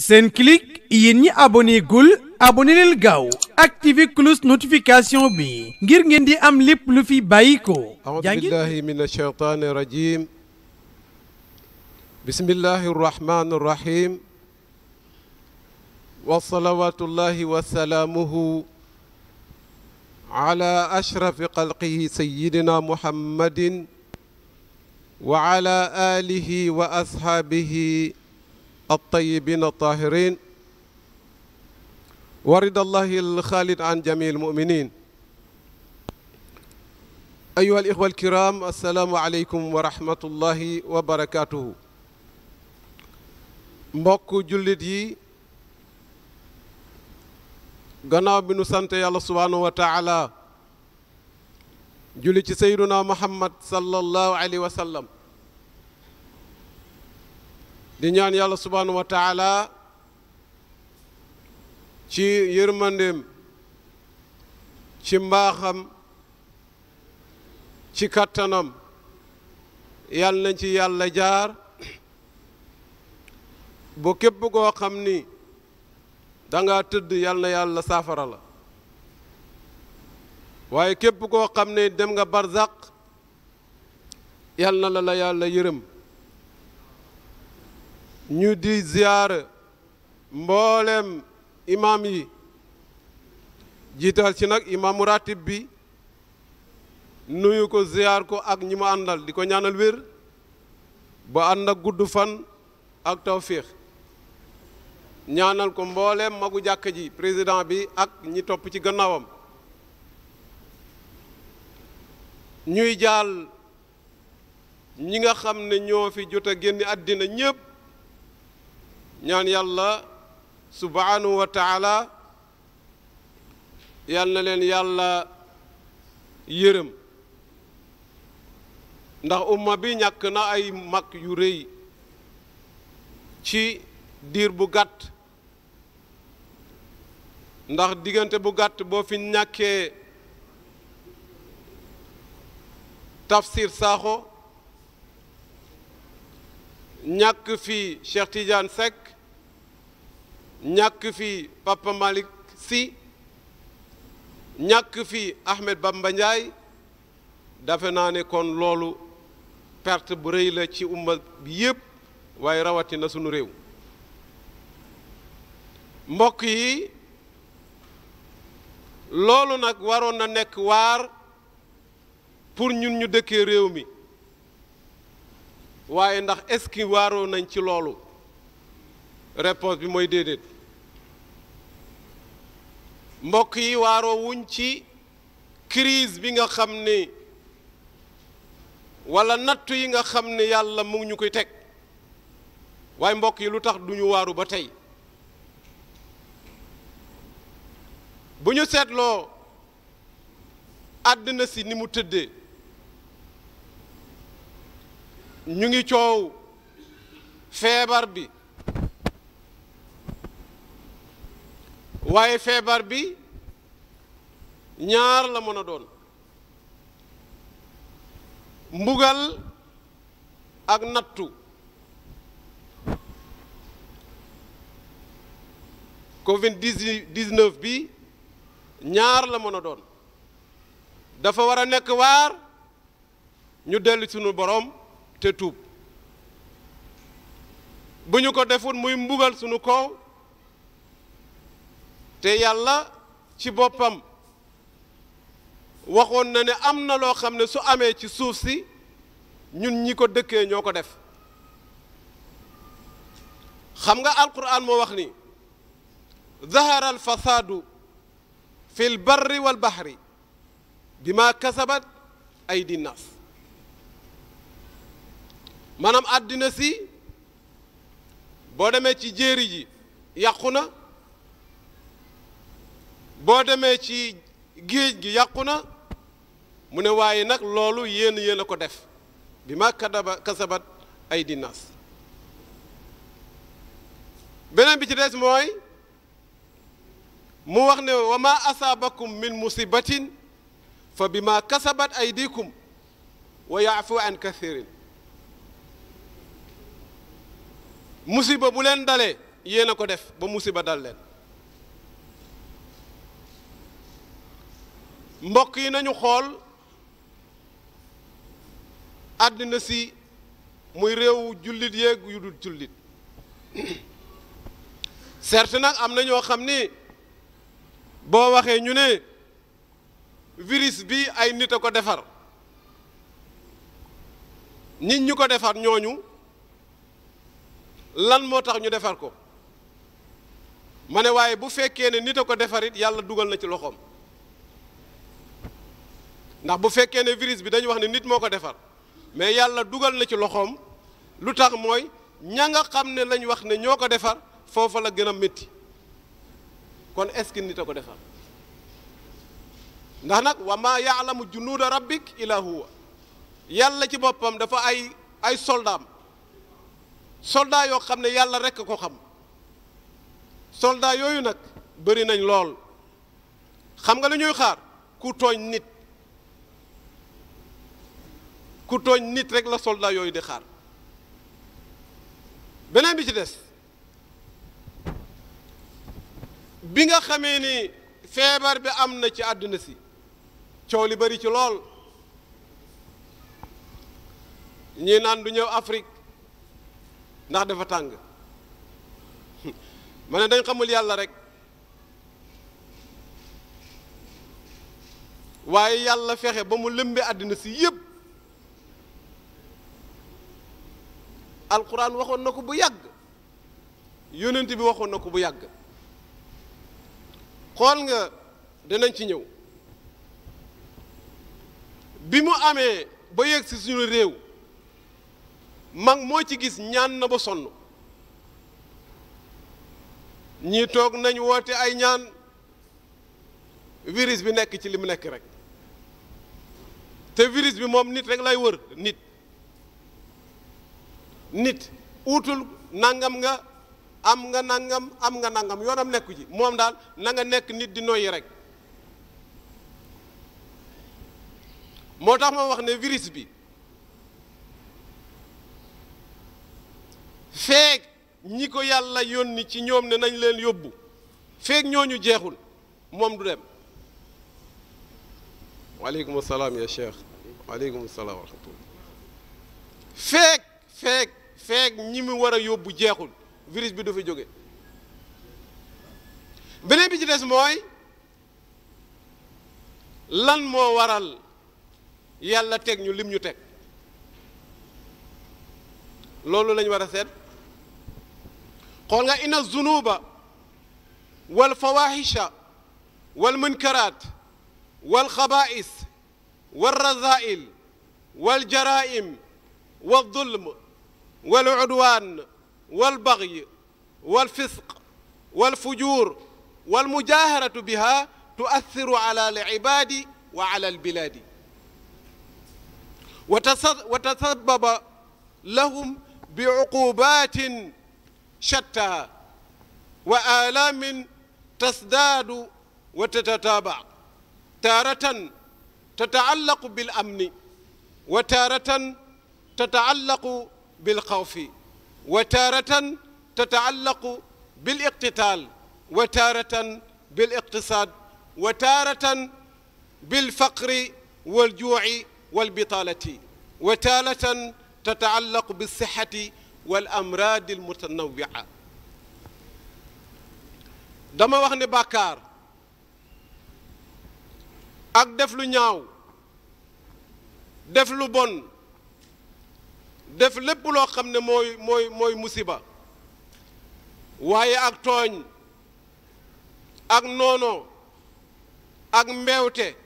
Senclic yéen ñi abonné gul abonné leen gaaw activé cloche notification bi ngir ngeen di am lépp lu fi bàyyi ko auzu billahi min ashaytaani rajim bismillahi arrahmani arrahim wa salawatullahi wa salaamuhu ala ashrafi xalqihi sayyidina muhammadin wa ala alihi wa ashaabihi الطيبين الطاهرين ورد الله الخالد عن جميع المؤمنين أيها الإخوة الكرام السلام عليكم ورحمة الله وبركاته mbokk jullit yi gannaaw bi nu sant yàlla subhaanahu wa taala julli ci sayduna muhammad sallallahu alayhi wa sallam di ñaan yàlla subhanahu wa ci yërmandeem ci mbaaxam ci kattanam yàlla na ci yàlla jaar bo képp koo xam ni danga tëdd yàlla na yàlla saafara la waaye képp koo xam ne dem nga barzaq yàlla na la la yàlla yërëm ñu di ziyaar mboolem imaam yi jiital ci nag imaamu ratib bi nuyu ko ziyaar ko ak ñi mu àndal di ko ñaanal wér ba ànd ak gudd fan ak tawfiix ñaanal ko mboolem magu jàkk ji président bi ak ñi topp ci gannaawam ñuy jaal ñi nga xam ne ñoo fi jot a génn àddina ñépp ñaan yàlla subhanahu wataala taala na leen yàlla yërëm ndax umma bi ñàkk na ay mag yu rëy ci diir bu gàtt ndax diggante bu gàtt boo fi ñàkkee tafsir saaxo ñàkk fi Cheikh Tidiane Seck ñàkk fi Papa Malick Sy ñàkk fi Ahmed Bamba Ndiaye dafe naa ne kon loolu perte bu rëy la ci umma yépp waaye rawatina sunu réew mbokk yi loolu nag waroon na nekk waar pour ñun ñu dëkkee réew mi waaye ndax eski waaro nañ ci loolu réponse bi mooy déedéet mbokk yi waaro wuñ ci crise bi nga xam ni walla nattu yi nga xam ne yàlla mu ñu koy teg waaye mbokk yi lu tax duñu waaru ba tey bu ñu seetloo àddina si ni mu tëddee ñu ngi coow feebar bi waaye feebar bi ñaar la mën a doon mbugal ak nattu covid 19 bi ñaar la mën a doon dafa war a nekk waar ñu dellu sunu boroom te tuub bu ñu ko deful muy mbugal sunu kaw te yàlla ci boppam waxoon na ne am na loo xam ne su amee ci suuf si ñun ñi ko dëkkee ñoo ko def xam nga alquran moo wax ni zahara alfasaadu fi lbarri walbahri bi ma kasabat aydi nnaas maanaam àddina si boo demee ci jéeri ji yàqu na boo demee ci géej gi yàqu na mu ne waaye nag loolu yéen yéen a ko def bi ma kadaba kasabat ay dinaas beneen bi ci des mooy mu wax ne wa ma asaabakum min musibatin fa bi ma kasabat aydikum wa yaafu an kathirin musiba bu leen dalee yéen a ko def ba musiba dal leen mbokk yi nañu xool àddina si muy réew jullit yeeg yu dul jullit certes nag am na ñoo xam ni boo waxee ñu ne virus bi ay nit a ko defar nit ñu ko defar ñooñu lan moo tax ñu defar ko ma ne waaye bu fekkee ne nit a ko defar yàlla dugal na ci loxoom ndax bu fekkee ne virus bi dañu wax ne nit moo ko defar mais yàlla dugal na ci loxoom lu tax mooy ñanga xam ne lañu wax ne ñoo ko defar foofa la gën a métti kon est nit a ko defar ndax nag wa maa yaalamu junuuda rabbik illa huwa yàlla ci boppam dafa ay ay soldaam soldat yoo xam ne yàlla rekk ko xam soldat yooyu nag bari nañ lool xam nga lu ñuy xaar ku tooñ nit ku tooñ nit rek la soldat yooyu di xaar beneen bi ci des bi nga xamee ni feebar bi am na ci àdduna si coow li bari ci lool ñii naan du ñëw Afrique ndax dafa tàng ma ne dañ xamul yàlla rek waaye yàlla fexe ba mu lëmbe àddina si yépp alxuraan waxoon na ko bu yàgg yónent bi waxoon na ko bu yàgg xool nga dinañ ci ñëw bi mu amee ba yegg si suñu réew mag moo ci gis ñaan na ba sonn ñii toog nañ woote ay ñaan virus bi nekk ci li mu nekk rek te wiris bi moom nit rek lay wër nit nit uutul nangam nga am nga nangam am nga nangam yoonam nekku ci moom daal na nga nekk nit di noyyi rek moo tax ma wax ne wiris bi feek ñi ko yàlla yónni ci ñoom ne nañ leen yóbbu feek ñooñu jeexul moom du dem waaleykum salaam ya cheikh waaleykum salaam wa rahmatullah feek feek feek ñi mu war a yóbbu jeexul virus bi du fi jóge beneen bi ci des mooy lan moo waral yàlla teg ñu lim ñu teg loolu lañ war a seet xool nga inna zunuba wal fawahisha wal munkaraat wal xabaa'is wal razaa'il wal jaraa'im wal dulm wal udwaan wal bagyi wal fisq wal fujuur wal mujaaharatu biha tu'athiru ala al ibaadi wa ala al bilaadi wa tasababa lahum bi uquubaatin شتى وآلام تزداد وتتتابع تارة تتعلق بالأمن وتارة تتعلق بالخوف وتارة تتعلق بالاقتتال وتارة بالاقتصاد وتارة بالفقر والجوع والبطالة وتارة تتعلق بالصحة wal amraadi al mutanawia dama wax ne bàkkaar ak def lu ñaaw def lu bon def lépp loo xam ne mooy mooy musiba waaye ak tooñ ak noono ak mbeewte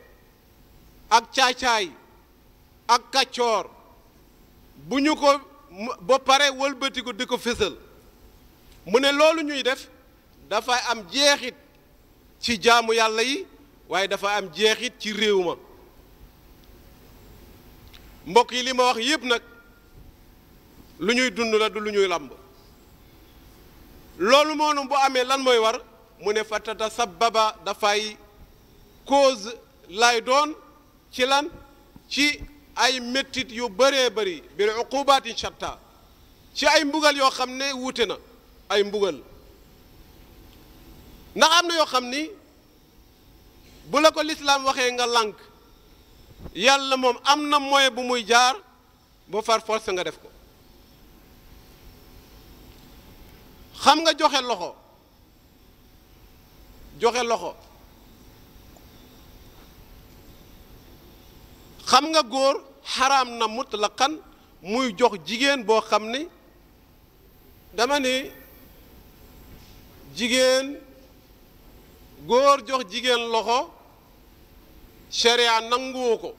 ak caacaay ak kàccoor bu ñu ko ba pare wëlbati di ko fésal mu ne loolu ñuy def dafay am jeexit ci jaamu yàlla yi waaye dafa am jeexit ci réew ma mbokk yi li ma wax yépp nag lu ñuy dund la du lu ñuy làmb loolu moonu bu amee lan mooy war mu ne fa tata sababa dafay cause lay doon ci lan ci ay méttit yu baree bëri bi uqubaatin shatta ci ay mbugal yoo xam ne wuute na ay mbugal ndax am na yoo xam ni bu la ko lislaam waxee nga lank yàlla moom am na moyen bu muy jaar ba far force nga def ko xam nga joxe loxo joxe loxo xam nga góor xaraam na mutlaqan muy jox jigéen boo xam ni dama ni jigéen góor jox jigéen loxo sharia nanguwu ko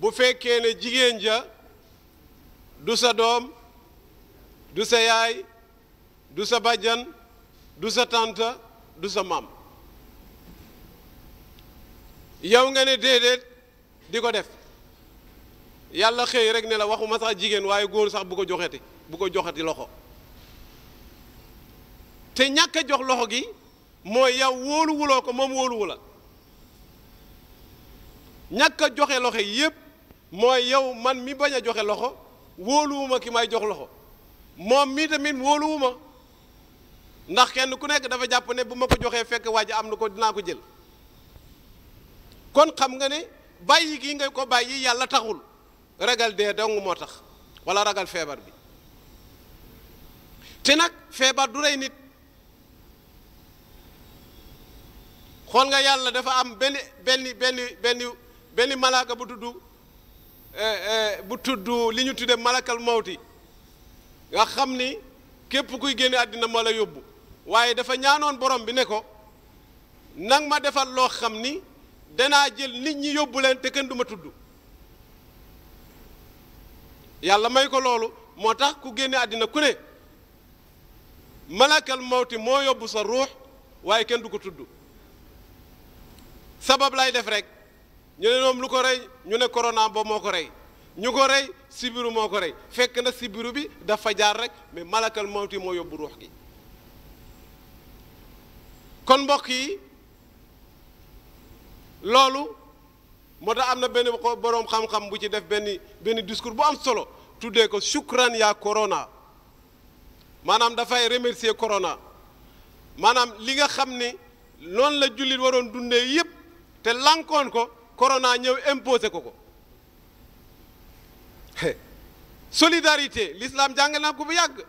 bu fekkee ne jigéen ja du sa doom du sa yaay du sa bajjan du sa tànta du sa maam yow nga ne déedéet di ko def yàlla xëy rek ne la waxuma sax jigéen waaye góor sax bu ko joxeti bu ko joxeti loxo te ñàkk a jox loxo gi mooy yow wóoluwuloo ko moom wóoluwu la ñàkk a joxe loxo yépp mooy yow man mi bañ a joxe loxo wóoluwuma ki may jox loxo moom mi tamit wóoluwuma ndax kenn ku nekk dafa jàpp ne bu ma ko joxee fekk waa ji am na ko dinaa ko jël kon xam nga ne bàyyi kii nga ko bàyyi yàlla taxul ragal dee dong moo tax walla ragal feebar bi te nag feebar du rey nit xool nga yàlla dafa am benn benn benn benn benn malaaka bu tudd eh, eh, bu li ñu tudde malakal mawti nga xam ni képp kuy génne àddina ma la yóbbu waaye dafa ñaanoon borom bi ne ko nang ma defal loo xam ni danaa jël nit ñi yóbbu leen te kenn du tudd yàlla may ko loolu moo tax ku génne àddina ku ne malakal mawti moo yóbbu sa ruux waaye kenn du ko tudd sabab lay def rek ñu ne lu ko rey ñu ne corona ba moo ko rey ñu ko rey sibiru moo ko rey fekk na sibiru bi dafa jaar rek mais malakal mawti moo yóbbu ruux gi kon mbokk yi loolu moo tax am na benn boroom xam-xam bu ci def benn benn discours bu am solo tuddee ko shukran yaa corona maanaam dafay remercier corona maanaam li nga xam ne noonu la jullit waroon dundee yépp te lankoon ko corona ñëw imposé ko ko solidarité lislaam jàngal na ko bu yàgg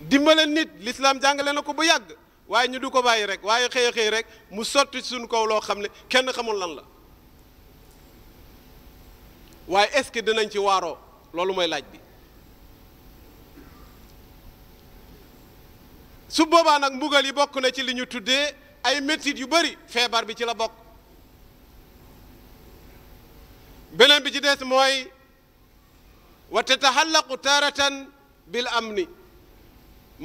dimbale nit l'islam jàngale na ko bu yàgg waaye ñu du ko bàyyi rek waaye xëy xëy rek mu sotti suñu kaw loo xam ne kenn xamul lan la waaye est-ce que dinañ ci waaroo loolu mooy laaj bi su boobaa nag mbugal yi bokk na ci li ñu tuddee ay métit yu bari feebar bi ci la bokk beneen bi ci des mooy wa tataxallaqu taaratan bil amni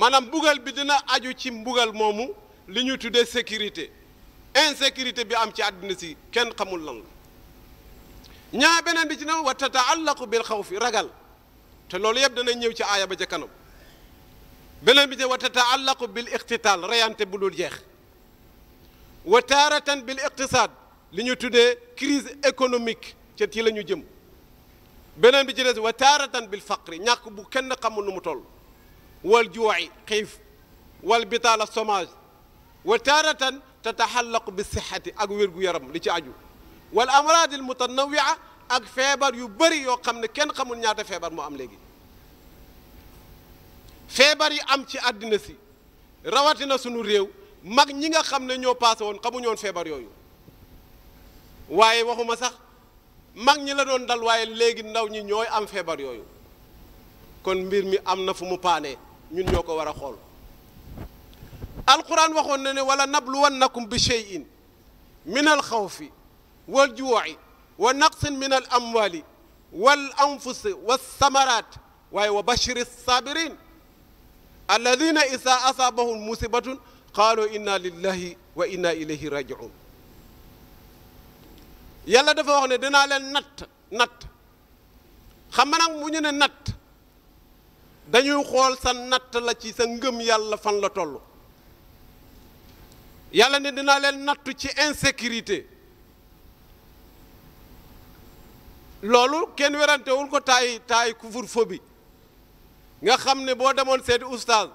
maanaam mbugal bi dina aju ci mbugal moomu li ñuy tuddee sécurité insécurité bi am ci àddina si kenn xamul lan la ñaa beneen bi ci na wa tataallaqu bil xawfi ragal te loolu yëpp dana ñëw ci aaya ba ca kanam beneen bi ci wa tataallaqu bil iqtitaal reyante bu dul jeex wa taaratan bil iqtisaad li ñu tuddee crise économique ca ci la ñu jëm beneen bi ci des wa taaratan bil faqri ñàkk bu kenn xamul nu mu toll wal juuci xiif wal bitaala somage wa taaratan tataxallaqu bi sixati ak wér-gu-yaram li ci aju wal amraad al mutanawia ak feebar yu bari yoo xam ne kenn xamul ñaata feebar moo am léegi feebar yi am ci àddina si rawatina sunu réew mag ñi nga xam ne ñoo paase woon xamuñu feebar yooyu waaye waxuma sax mag ñi la doon dal waaye léegi ndaw ñi ñooy am feebar yooyu kon mbir mi am na fu mu paanee ñun ñoo ko war a xool alquran waxoon na ne wala nabluwannakum bi cheyin min al xawfi wal juuci wa naqsin min al amwali wal anfusi wa samaraat waaye wa bashiri sabirin alladina isa asaabahum musibatun qaalu inna lillahi wa inna ilayhi rajiun yàlla dafa wax ne dinaa leen natt natt xam nga nag ñu ne natt dañuy xool sa natt la ci sa ngëm yàlla fan la toll yàlla ne dinaa leen nattu ci insécurité loolu kenn werantewul ko taay taay couvre-feu bi nga xam ne boo demoon seeti oustaz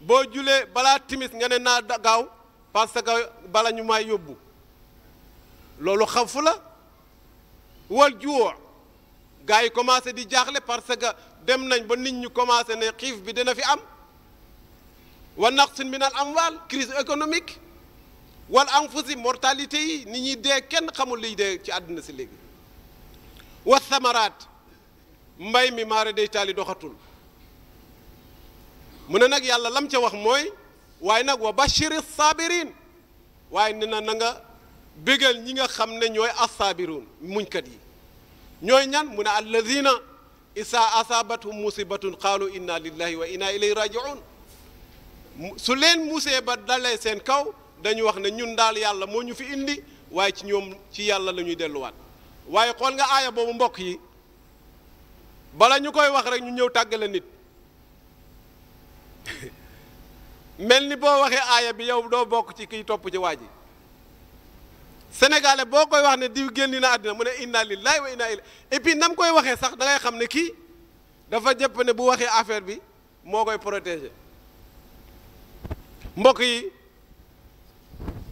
boo julee balaa timis nga ne naa gaaw parce que bala ñu may yóbbu loolu xafu la wal gars yi commencé di jaaxle parce que dem nañ ba nit ñu commencé ne xiif bi dina fi am wa naqsin min am amwal crise économique wal anfusi mortalité yi nit ñuy dee kenn xamul liy dee ci àddina si léegi wa samaraat mbay mi maara day taali doxatul mu ne nag yàlla lam ca wax mooy waaye nag wa bashiri sabirin waaye ne na na nga bégal ñi nga xam ne ñooy assaabiruun muñkat yi ñooy ñan mu ne alladina isa asaabathum musibatun qaalu inna lillahi wa inna ilayhi rajiun su leen musee ba dalee seen kaw dañu wax ne ñun daal yàlla moo ñu fi indi waaye ci ñoom ci yàlla la ñuy delluwaat waaye xool nga aaya boobu mbokk yi bala ñu koy wax rek ñu ñëw tàggale nit mel ni boo waxee aaya bi yow doo bokk ci kiy topp ci waa ji sénégalais boo koy wax ne diw génn na àddina mu ne inna lillahi wa inna ilayhi et puis nam koy waxee sax dangay xam ne kii dafa jëpp ne bu waxee affaire bi moo koy protéger mbokk yi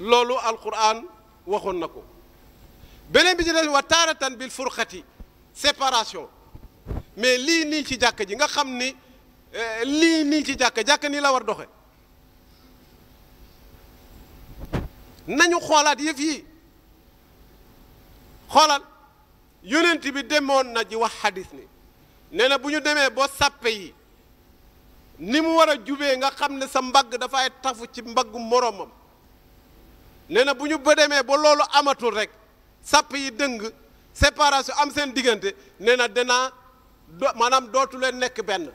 loolu alquran waxoon na ko beneen bi ci des wa taaratan bil furqati séparation mais lii nii ci jàkk ji nga xam ni eh, lii nii ci jàkk jàkk nii la war doxe nañu xoolaat yëf yi xoolal yonent bi demoon na ji wax xadis ni nee na bu ñu demee boo sàppe yi ni mu war a jubee nga xam ne sa mbagg dafay tafu ci mbaggu moroomam nee na bu ñu ba demee ba loolu amatul rek sàpp yi dëng séparation am seen diggante nee na danaa do dootu leen nekk benn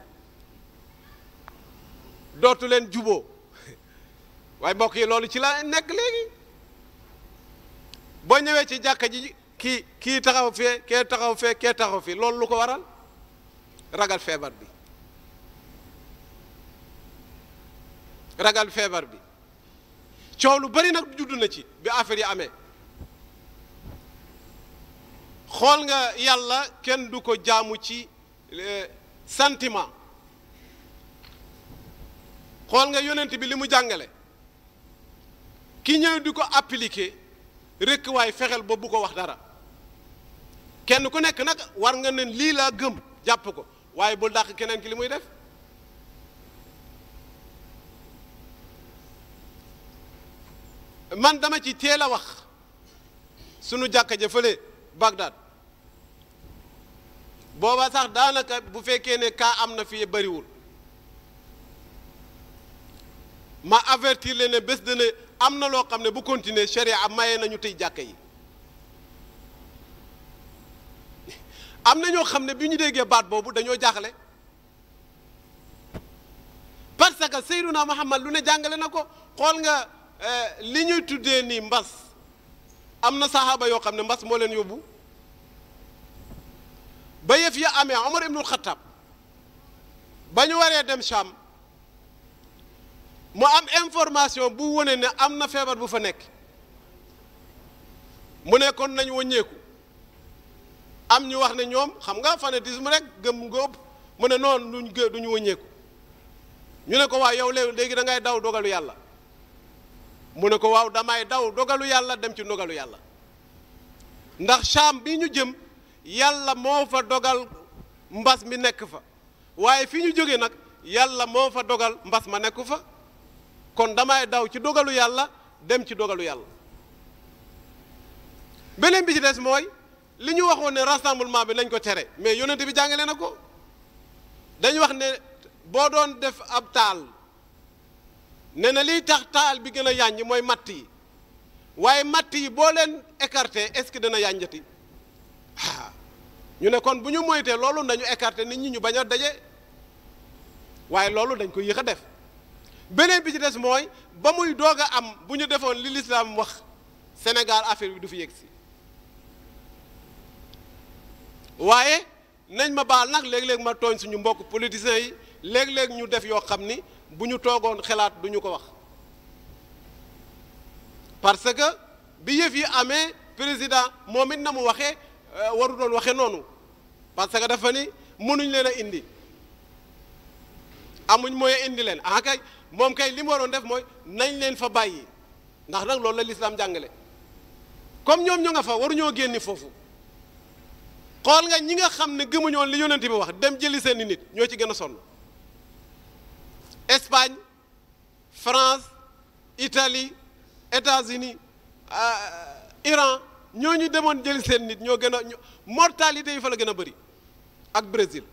dootu leen juboo waaye mbokk yi loolu ci la nekk léegi boo ñëwee ci jàkka ji kii kii taxaw fee kee taxaw fee kee taxaw fii loolu lu ko waral ragal feebar bi ragal feebar bi coow lu bari nag judd na ci bi affaire yi amee xool nga yàlla kenn du ko jaamu ci eh, sentiment xool nga yonent bi li mu jàngale ki ñëw di ko appliquer rekk waay fexeel ba bu ko wax dara kenn ku nekk nag war nga ne lii laa gëm jàpp ko waaye bu dàq keneen ki li muy def man dama ci teel a wax sunu jàkka ja fële Bagdad booba sax daanaka bu fekkee ne kaa am na fi bariwul ma avertir leen ne bés ne am na loo xam ne bu continuer sharia maye nañu tëj jàkka yi am na ñoo xam ne bi ñu déggee baat boobu dañoo jaaxle parce que naa Muhammad lu ne jàngale na ko xool nga euh, li ñuy tuddee nii mbas am na saxaaba yoo xam ne mbas moo leen yóbbu ba yëf ya amee Omar ibnul Xattaab waree dem Sham mu am information bu wone ne am na feebar bu fa nekk mu ne kon nañ wàññeeku am ñu wax ne ñoom xam nga fanatisme rek gëm nga ëpp mu ne noonu lu gë duñu wëññeeku ñu ne ko waaw yow lee léegi dangay daw dogalu yàlla mu ne ko waaw damay daw dogalu yàlla dem ci dogalu yàlla ndax Saam bi ñu jëm yàlla moo fa dogal mbas mi nekk fa waaye fi ñu jóge nag yàlla moo fa dogal mbas ma nekku fa kon damay daw ci dogalu yàlla dem ci dogalu yàlla beneen bi ci des mooy li ñu waxoon ne rassemblement bi nañ ko tere mais yonent bi jàngale na ko dañ wax ne boo doon def ab taal ne na liy tax taal bi gën a yàññ mooy matt yi waaye matt yi boo leen écarté est-ce que dina yànjati ah. ñu ne kon bu ñu moytee loolu nañu écarté nit ñi ñu bañ a daje waaye loolu dañ ko yéex a def beneen bi ci des mooy ba muy doog a am bu ñu defoon li lislaam wax Sénégal affaire bi du fi yegg si waaye nañ ma baal nag léeg-léeg ma tooñ suñu mbokk politiciens yi léeg-léeg ñu def yoo xam ni bu ñu toogoon xalaat du ñu ko wax parce que bi yëf yi amee président moom it na mu waxee euh, waru doon waxee noonu parce que dafa ni mënuñ leen a indi amuñ mooy indi leen ah kay moom kay li mu waroon def mooy nañ leen fa bàyyi ndax nag loolu la lislaam jàngale comme ñoom ñu nga fa waruñoo génne foofu xool nga ñi nga xam ne gëmuñoon li yonent bi wax dem jëli seeni nit ñoo ci gën a sonn Espagne France Italie États-Unis euh, Iran ñoo ñu demoon jëli seen nit ñoo gën a mortalité yi fa la gën a bëri ak Brésil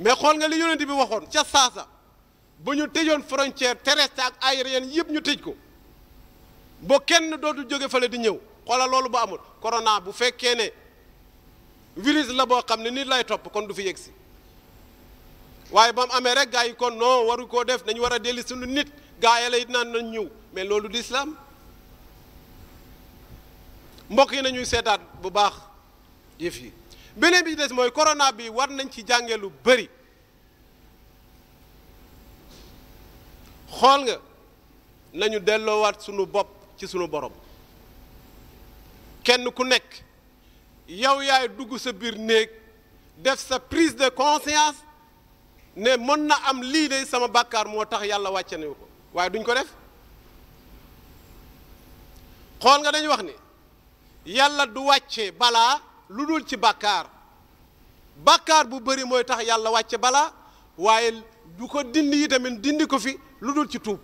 mais xool nga li yonent bi waxoon ca saasa ba ñu tëjoon frontière terrestre ak aérienne yëpp ñu tëj ko ba kenn dootu jóge fale di ñëw xoolal loolu bu amul corona bu fekkee ne virus la boo xam ne nit lay topp kon du fi yegg si waaye ba mu amee rek gaa yi kon noo waru koo def dañu war a delli suñu nit gaa yi la it naan nañ ñëw mais loolu du islaam mbokk yi nañuy seetaat bu baax yëf yi beneen bi des mooy corona bi war nañ ci jàngee lu bari xool nga nañu delloowaat sunu bopp ci sunu borom. kenn ku nekk yow yaay dugg sa biir néeg def sa prise de conscience ne mën na am lii de sama bàkkaar moo tax yàlla wàcce nañu ko waaye duñ ko def xool nga dañu wax ni yàlla du wàcce balaa lu dul ci bàkkaar bàkkaar bu bari mooy tax yàlla wàcce balaa waaye du ko dindi yi tamit dindi ko fi lu dul ci tuub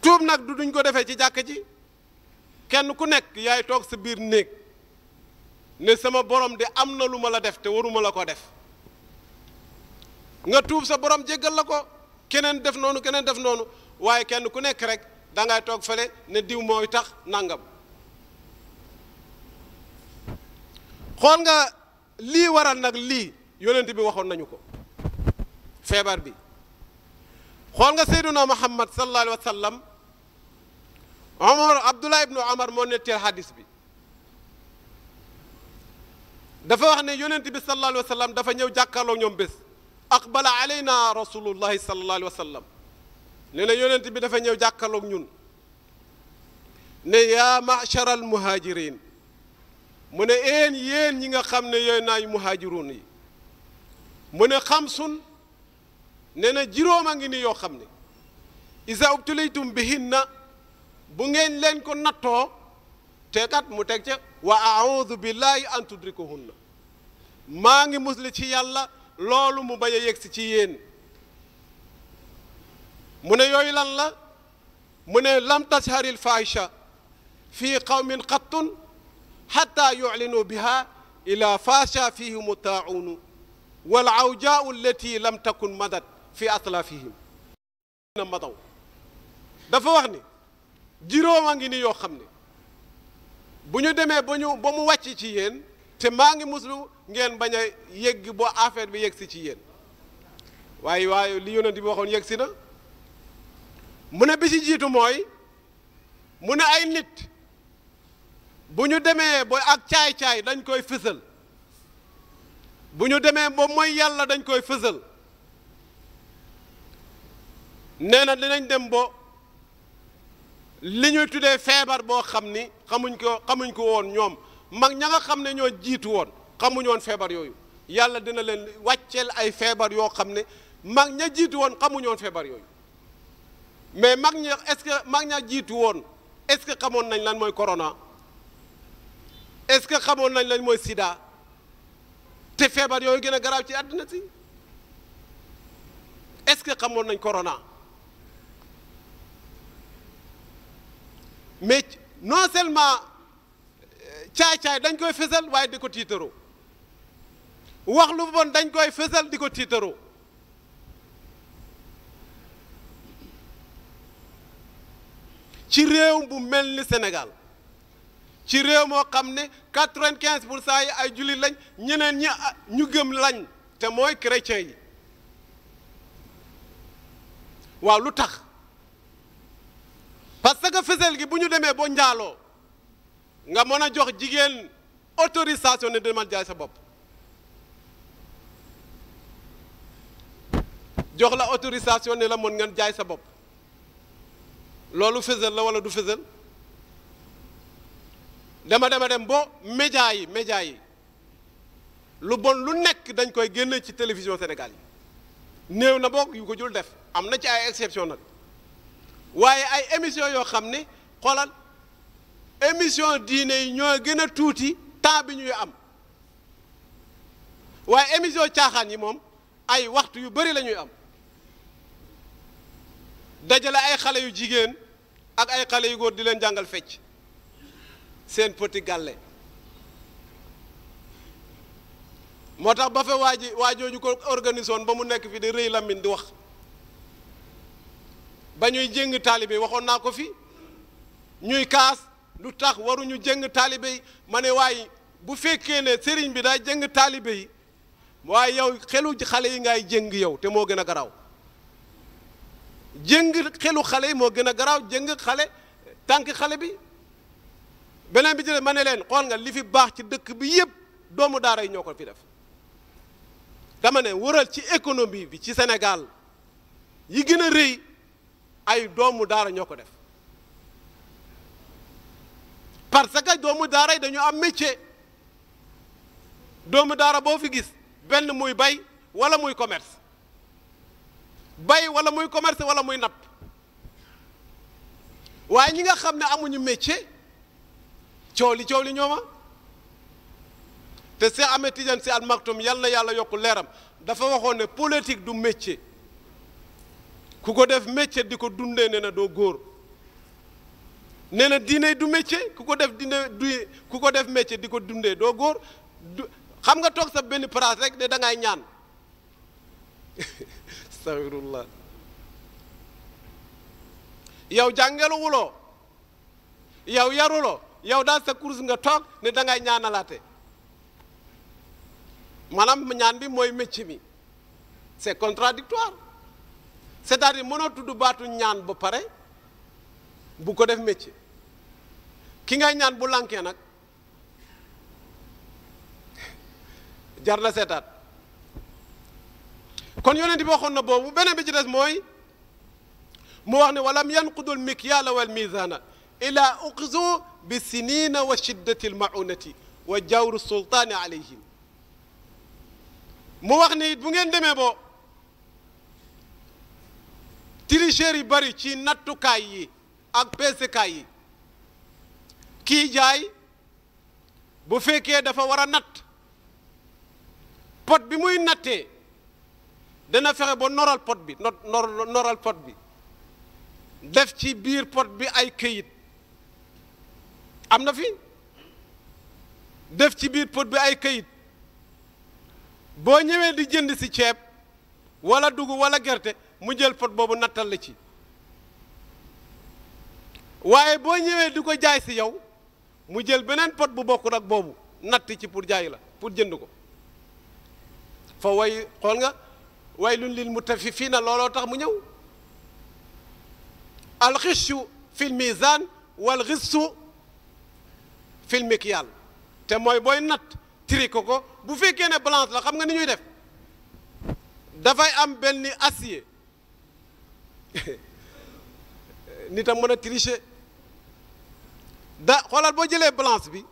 tuub nag du duñ ko defee ci jàkk ji kenn ku nekk yaay toog sa biir néeg ne sama boroom de am na lu ma la def te waruma la ko def nga tuub sa boroom jéggal la ko keneen def noonu keneen def noonu waaye kenn ku nekk rek da toog fële ne diw mooy tax nangam xool nga lii waral nag lii yonent bi waxoon nañu ko feebar bi xool nga seyduna muhammad sallallahu alayhi wa sallam Omar Abdullah ibnu Omar moo netteel hadis bi dafa wax ne yonent bi sallallahu alayhi dafa ñëw jàkkaarloo ñoom bés aqbala alayna rasulullahi sallallahu alayhi wa sallam nee na yonent bi dafa ñëw jàkkaarloog ñun ne yaa machara al mu ne een yéen ñi nga xam ne yooyu naay muhaajiruun yi mu ne xamsun nee na juróom a ngi ni yoo xam ne isa ubtulaytum bihinna bu ngeen leen ko nattoo te kat mu teg ca wa aoudu billahi an tudrikuhunna maa ngi musli ci yàlla loolu mu bañ a yegsi ci yéen mu ne yooyu lan la mu ne lam tasharil fahisha fii qawmin qattun xatta yuclinu biha ila faasha fihim taaunu wal awjaau allati lam takun madat fi atlafihim na madaw dafa wax ni juróoma ngi ni yoo xam ne bu ñu demee ba ñu ba mu wàcc ci yéen te maa ngi muslu ngeen bañ a yegg boo affaire bi yegg si ci yéen waaye waaye li yonent bi waxoon yegg si na mu ne bi ci jiitu mooy mu ne ay nit bu ñu demee ba ak caay-caay dañ koy fësal bu ñu demee ba mooy yàlla dañ koy fësal nee na dinañ dem bo li ñuy tuddee feebar boo xam ni xamuñ ko xamuñ ko woon ñoom mag ña nga xam ne ñoo jiitu woon xamuñ woon feebar yooyu yàlla dina leen wàcceel ay feebar yoo xam ne mag ña jiitu woon xamuñ feebar yooyu mais mag ña est-ce que mag ña jiitu woon es ce que xamoon nañ lan mooy corona est-ce que xamoon nañ lan mooy sida te feebar yooyu gën a garaaw ci àddina si est-ce que xamoon nañ corona mais non seulement caay-caay euh, dañ koy fësal waaye di ko tiitaroo wax lu bon dañ koy fësal di ko tiitaroo ci réew bu mel ni Sénégal ci réew moo xam ne quatre-vingt-quinze pour cent yi ay jullit lañ ñeneen ñi ah, ñu gëm lañ te mooy chrétien yi waaw lu tax parce que fësal gi bu ñu demee boo njaaloo nga mën a jox jigéen autorisation ne demal jaay sa bopp jox la autorisation ne la mën ngeen jaay sa bopp loolu fësal la walla du fësal dama dama dem bo média yi média yi lu bon lu nekk dañ koy génne ci télévision Sénégal yi néew na boog yu ko jul def am na ci ay exception nag waaye ay émission yoo xam ne xoolal émission diine yi ñoo gën a tuuti temps bi ñuy am waaye émission caaxaan yi moom ay waxtu yu bari lañuy am dajale ay xale yu jigéen ak ay xale yu góor di leen jàngal fecc seen petit gàlle moo tax ba fa waa ji waajooju ko organisoon ba mu nekk fi di rëy lamin di wax ba ñuy jéng taalibe waxoon naa ko fi ñuy kaas lu tax waruñu jéng taalibe yi ma ne waaye bu fekkee ne sëriñ bi daay jëng taalibe yi waaye yow xelu xale yi ngay jéng yow te moo gën a garaaw jéng xelu xale yi moo gën a garaaw jéng xale tànk xale bi beneen bi ci ma ne leen xool nga li fi baax ci dëkk bi yëpp doomu daara yi ñoo ko fi def dama ne wëral ci économie bi ci Sénégal yi gën a rëy ay doomu daara ñoo ko def parce que doomu daara yi dañu am métier doomu daara boo fi gis benn muy bay wala muy commerce bay wala muy commerce wala muy napp waaye ñi nga xam ne amuñu métier coow li coow li ñooma te Cheikh Ahmed Tidiane Sy Al Maktoum yal na yàlla yokk leeram dafa waxoon ne politique du métier ku ko def métier di ko dundee nee na doo góor nee na diine du métier ku ko def diine du ku ko def métier di ko dundee doo góor du xam nga toog sa benn place rek ne da ngay ñaan astaghfirullah yow jàngelu wuloo yow yaruloo yow daal sa course nga toog ne da ngay ñaanalaate maanaam ñaan bi mooy métier mi c'est contradictoire c'est-à-dire mënoo tudd baatu ñaan ba pare bu ko def métier ki ngay ñaan bu lankee nag jar na kon yonent bi waxoon na boobu beneen bi ci des mooy mu wax ne walam yanqudul mikyaala wal mizaana ila uqzu bi sinina wa shiddati almaunati wa jawru sultaani alayhim mu wax ni bu ngeen demee boo tricheurs yi bari ci nattukaay yi ak peesekaay yi kii jaay bu fekkee dafa war a natt pot bi muy nattee dana fexe ba noral pot bi noral pot bi def ci biir pot bi ay këyit am na fi def ci biir pot bi ay këyit boo ñëwee di jënd ci ceeb walla dugub walla gerte mu jël pot boobu nattal la ci waaye boo ñëwee di ko jaay si yow mu jël beneen pot bu bokkul ak boobu natt ci pour jaay la pour jënd ko foo way xool nga way lun lil mutaffifina looloo tax mu ñëw alxichu fil mizan wal xichu fil mikyal te mooy booy natt tri ko ko bu fekkee ne balance la xam nga ni ñuy def dafay am benn acier nit a mën a tricher da xoolal boo jëlee balance bi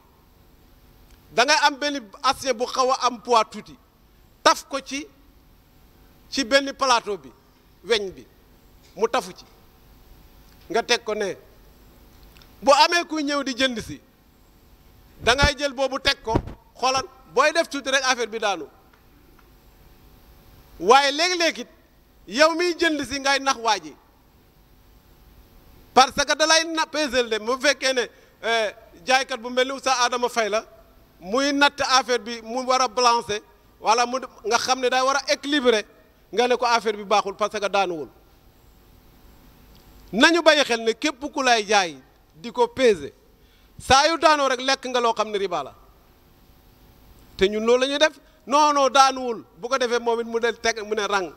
dangay am benn assiette bu xaw a am poids tuuti taf ko ci ci benn plateau bi weñ bi mu tafu ci nga teg ko ne boo amee kuy ñëw di jënd si da ngay jël boobu teg ko xoolal booy def tuuti rek affaire bi daanu waaye léeg-léeg yow miy jënd si ngay nax waa ji parce que dalay lay na pesel fekkee ne eh, jaaykat bu mel ni Oustaz Adama la muy natt affaire bi mu war a balancer wala mu nga xam ne day war a équilibrer nga ne ko affaire bi baaxul parce que daanuwul nañu bàyyi xel ne képp ku lay jaay di ko peser saa yu daanoo rek lekk nga loo xam ne riba te ñun loolu la ñuy def non non daanuwul bu ko defee moom it mu del teg mu ne rang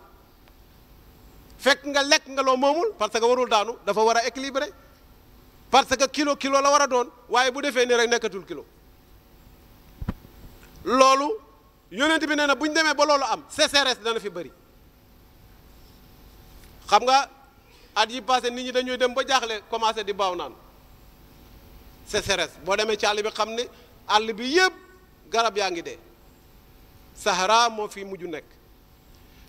fekk nga lekk nga loo moomul parce que warul daanu dafa war a équilibré parce que kilo kilo la war a doon waaye bu defee nii rek nekkatul kilo loolu yonent bi nee na bu ñu demee ba loolu am sécheresse dana fi bëri xam nga at yi passé nit ñi dañuy dem ba jaaxle commencé di baaw naan sécheresse boo demee ci àll bi xam ne àll bi yëpp garab yaa ngi dee Sahara moo fi mujj nekk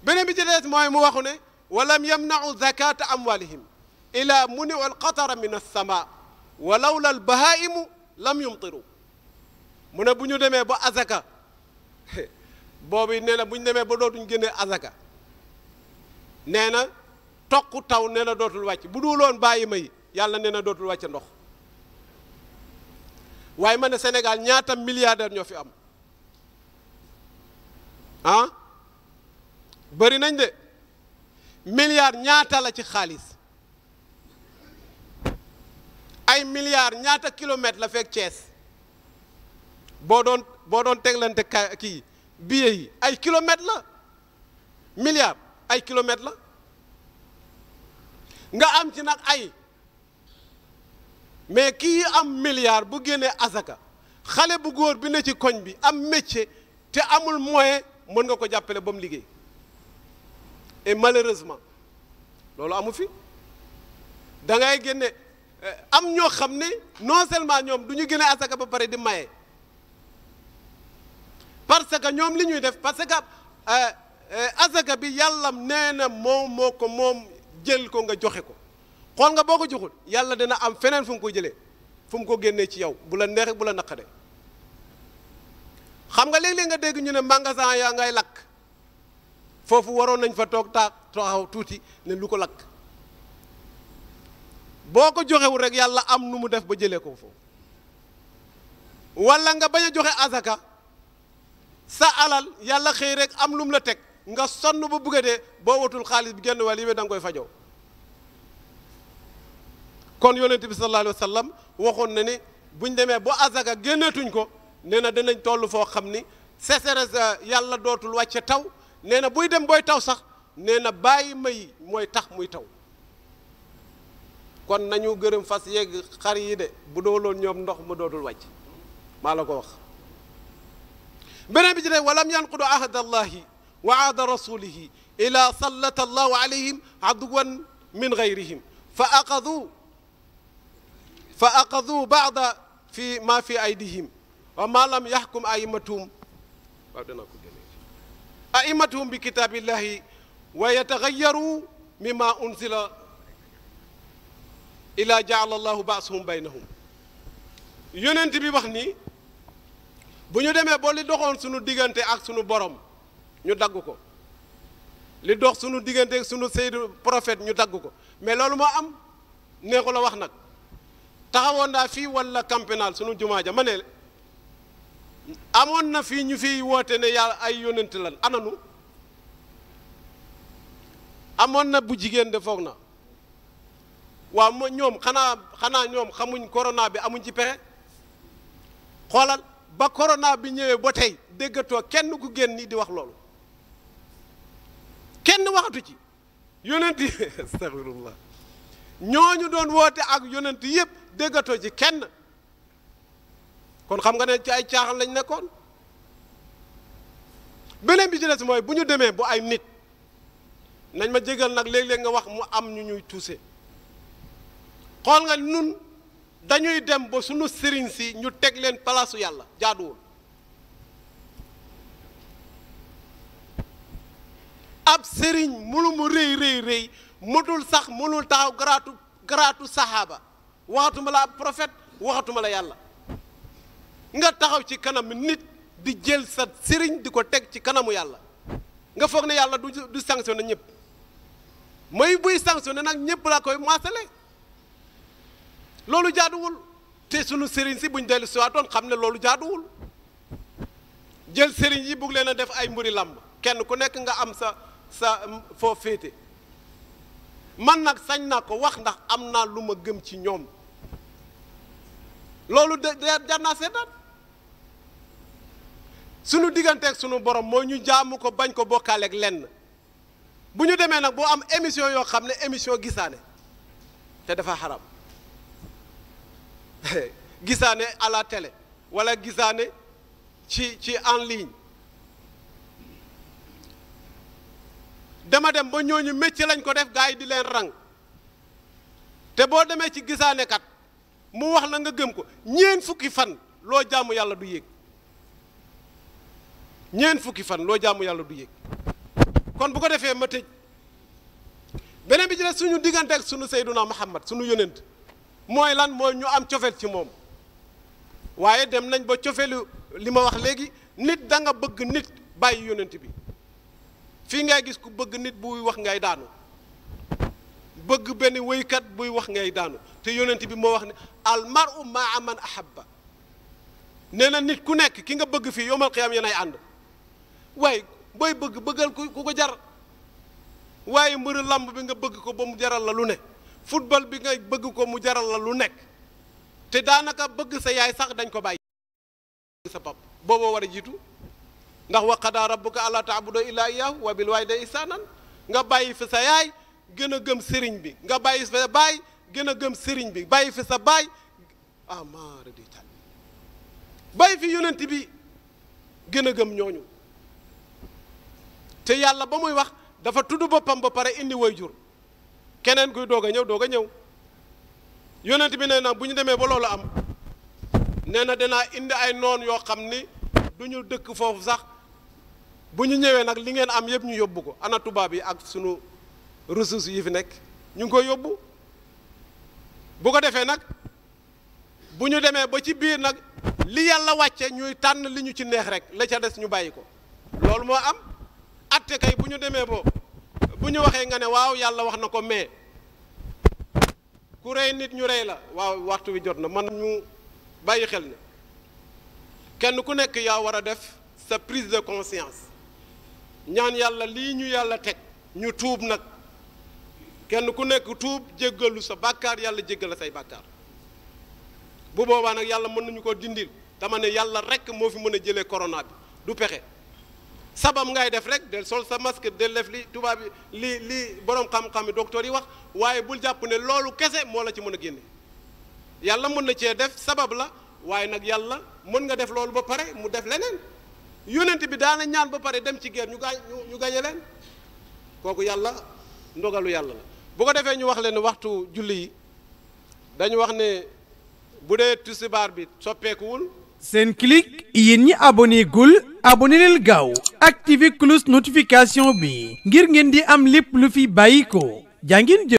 beneen bi ci des mooy mu waxu ne. walam yamnau zakata amwalihim ila muniu alqatara min alsama wa lawla albahaimu lam yumtiru mu ne bu ñu demee ba azaka boobu nee na buñ demee ba dootuñ génne azaka nee na toq taw nee na dootul wàcc bu duloon woon bàyyi may yàlla nee na dootul wàcc ndox waaye ma ne Sénégal ñaata milliardaire ñoo fi am ah bëri nañ de milliard ñaata la ci xaalis ay milliard ñaata kilomètre la fekk Thiès boo doon boo doon teglante ka kii bi yi ay kilomètre la milliard ay kilomètre la nga am ci nag ay mais kii am milliard bu génnee asaka xale bu góor bi ne ci koñ bi am métier te amul moyen mën nga ko jàppale ba mu liggéey et malheureusement loolu amu fi da ngay génne eh, am ñoo xam ne non seulement ñoom du ñu génne asaka ba pare di maye parce que ñoom li ñuy def parce que eh, asaka bi yàlla nee na moom moo ko moom jël ko nga joxe ko xool nga boo ko joxul yàlla dina am feneen fu mu ko jëlee fu mu ko génnee ci yow bu la neexee bu la naqaree xam nga léeg-léeg nga dégg ñu ne magasin yaa ngay lakk. foofu waroon nañ fa toog taa taxaw tuuti ne lu ko lakk boo ko joxewul rek yàlla am lu mu def ba jëlee ko foofu walla nga bañ a joxe azaka sa alal yàlla xëy rek am lu mu la teg nga sonn ba bugga dee boo watul xaalis bi génn wàll yi da nga koy fajoo kon yonent bi sa alayhi wa waxoon na ni buñ demee ba azaka génneetuñ ko nee na danañ toll foo xam ni sécheresse yàlla dootul wàcce taw nee na buy dem booy taw sax nee na bàyyi may mooy tax muy taw kon nañu gërëm fas yeeg xar yi de bu dooloon ñoom ndox mu dootul wàcc maa la ko wax beneen bi ci def walam yanqudu ahadallahi wa ahda rasulihi ila sallata allahu alayhim aduwan min gayrihim fa aqadu fa ma fi aydihim wa ma lam yaxkum aimatuhum aimatuhum bi waaye kitaabillahi wa yataxayaru mimma unsila ila jaala allahu baasuhum baynahum yonent bi wax nii bu ñu demee ba li doxoon sunu diggante ak sunu borom ñu dagg ko li dox sunu diggante ak sunu seydu prophète ñu dagg ko mais loolu moo am neexula wax nag taxawoon naa fii wala campénal sunu jumaa ja ma amoon na fii ñu fiy woote ne yàlla ay yónnent lan ananu amoon na bu jigéen de foog na waaw ma ñoom xanaa xanaa ñoom xamuñ corona bi amuñ ci pexe xoolal ba corona bi ñëwee ba tey déggatoo kenn ku génn nii di wax loolu kenn waxatu ci yónnent yi astaghfirullah ñooñu doon woote ak yónnent yëpp déggatoo ci kenn kon xam nga ne ci ay caaxaan lañ nekkoon beneen bi ci des mooy bu ñu demee bu ay nit nañ ma jégal nag léeg-léeg nga wax mu am ñu ñuy tuuse xool nga nun dañuy dem ba suñu sëriñ si ñu teg leen palaasu yàlla jaaduwul ab sëriñ mulu mu rëy rëy rëy mëtul sax mënul taxaw garaatu garaatu saxaaba waxatuma la ab prophète waxatuma la yàlla nga taxaw ci kanam nit di jël sa sëriñ di ko teg ci kanamu yàlla nga foog ne yàlla du du na ñëpp mooy buy sanctionné nag ñëpp laa koy maasale loolu jaaduwul te sunu sëriñ si buñ dellu siwaatoon xam ne loolu jaaduwul jël sëriñ yi bugg leen a def ay mburi làmb kenn ku nekk nga am sa sa mm, foo féete man nag sañ naa ko wax ndax am naa lu ma gëm ci ñoom loolu de jar naa seetaan sunu digganteek sunu borom moo ñu jàmm ko bañ ko bokkaaleeg lenn bu ñu demee nag boo am émission yoo xam ne émission gisaane te dafa xaram gisaane à la télé wala gisaane ci ci en ligne dama dem ba ñu métier lañ ko def gars yi di leen rang te boo demee ci gisaanekat mu wax la nga gëm ko ñeen fukki fan loo jàmm yàlla du yéeg ñeent fukki fan loo jàmm yàlla du yëg kon bu ko defee ma tëj beneen bi ci suñu diggante ak suñu sayduna muhammad suñu yonent mooy lan mooy ñu am cofeel ci moom waaye dem nañ ba cofeelu li ma wax léegi nit danga bëgg nit bàyyi yonent bi fii ngay gis ku bëgg nit buy wax ngay daanu bëgg benn wéykat buy wax ngay daanu te yonent bi moo wax ne al mar'u ma'a man ahabba nee na nit ku nekk ki nga bëgg fii yowmal qiyaam yéenay ànd waaye booy bëgg bëggal ku ku ko jar waaye mbëru làmb bi nga bëgg ko ba mu jaral la lu ne football bi nga bëgg ko mu jaral la lu nekk te daanaka bëgg sa yaay sax dañ ko bàyyi sa pap booboo war a jiitu ndax wa qadaa rabbuka allaa ta'budu illaa iyyaahu wa waaye day ihsaanan nga bàyyi fi sa yaay gën a gëm sëriñ bi nga bàyyi fi sa baay gën a gëm sëriñ bi bàyyi fi sa baay amara di tal bàyyi fi yonent bi gën a gëm ñooñu te yàlla ba muy wax dafa tudd boppam ba pare indi woy jur keneen kuy doog a ñëw doog a ñëw yonent bi nee na bu ñu demee ba loolu am nee na danaa indi ay noon yoo xam ni du ñu dëkk foofu sax bu ñu ñëwee nag li ngeen am yëpp ñu yóbbu ko ana tubaab yi ak sunu ressources yi fi nekk ñu ngi koy yóbbu bu ko defee nag bu ñu demee ba ci biir nag li yàlla wàcce ñuy tànn li ñu ci neex rek la ca des ñu bàyyi ko loolu moo am acte bu ñu demee bo bu ñu waxee nga ne waaw yàlla wax na ko mais ku rey nit ñu rey la waaw waxtu wi jot na man ñu bàyyi xel ne kenn ku nekk yaa war a def sa prise de conscience ñaan yàlla lii ñu yàlla teg ñu tuub nag kenn ku nekk tuub jéggalu sa bàkkaar yàlla jéggal la say bàkkaar bu boobaa nag yàlla mën nañu ko dindil dama ne yàlla rekk moo fi mën a jëlee corona bi du pexe sabab ngay def rek del sol sa masque del def li tubaab yi li li borom xam-xam yi docteur yi wax waaye bul jàpp ne loolu kese moo la ci mën a génne yàlla mën na cee def sabab la waaye nag yàlla mën nga def loolu ba pare mu def leneen yonent bi daana ñaan ba pare dem ci guerre ñu gaañ ñu gañe leen kooku yàlla ndogalu yàlla la bu ko defee ñu wax leen waxtu julli yi dañu wax ne bu dee tusibaar bi soppeekuwul seen Senclic yéen ñi abonné gul abonné leen gaaw activé notification bi ngir ngeen di am lépp lu fi bàyyi ko jaa ngeen jëf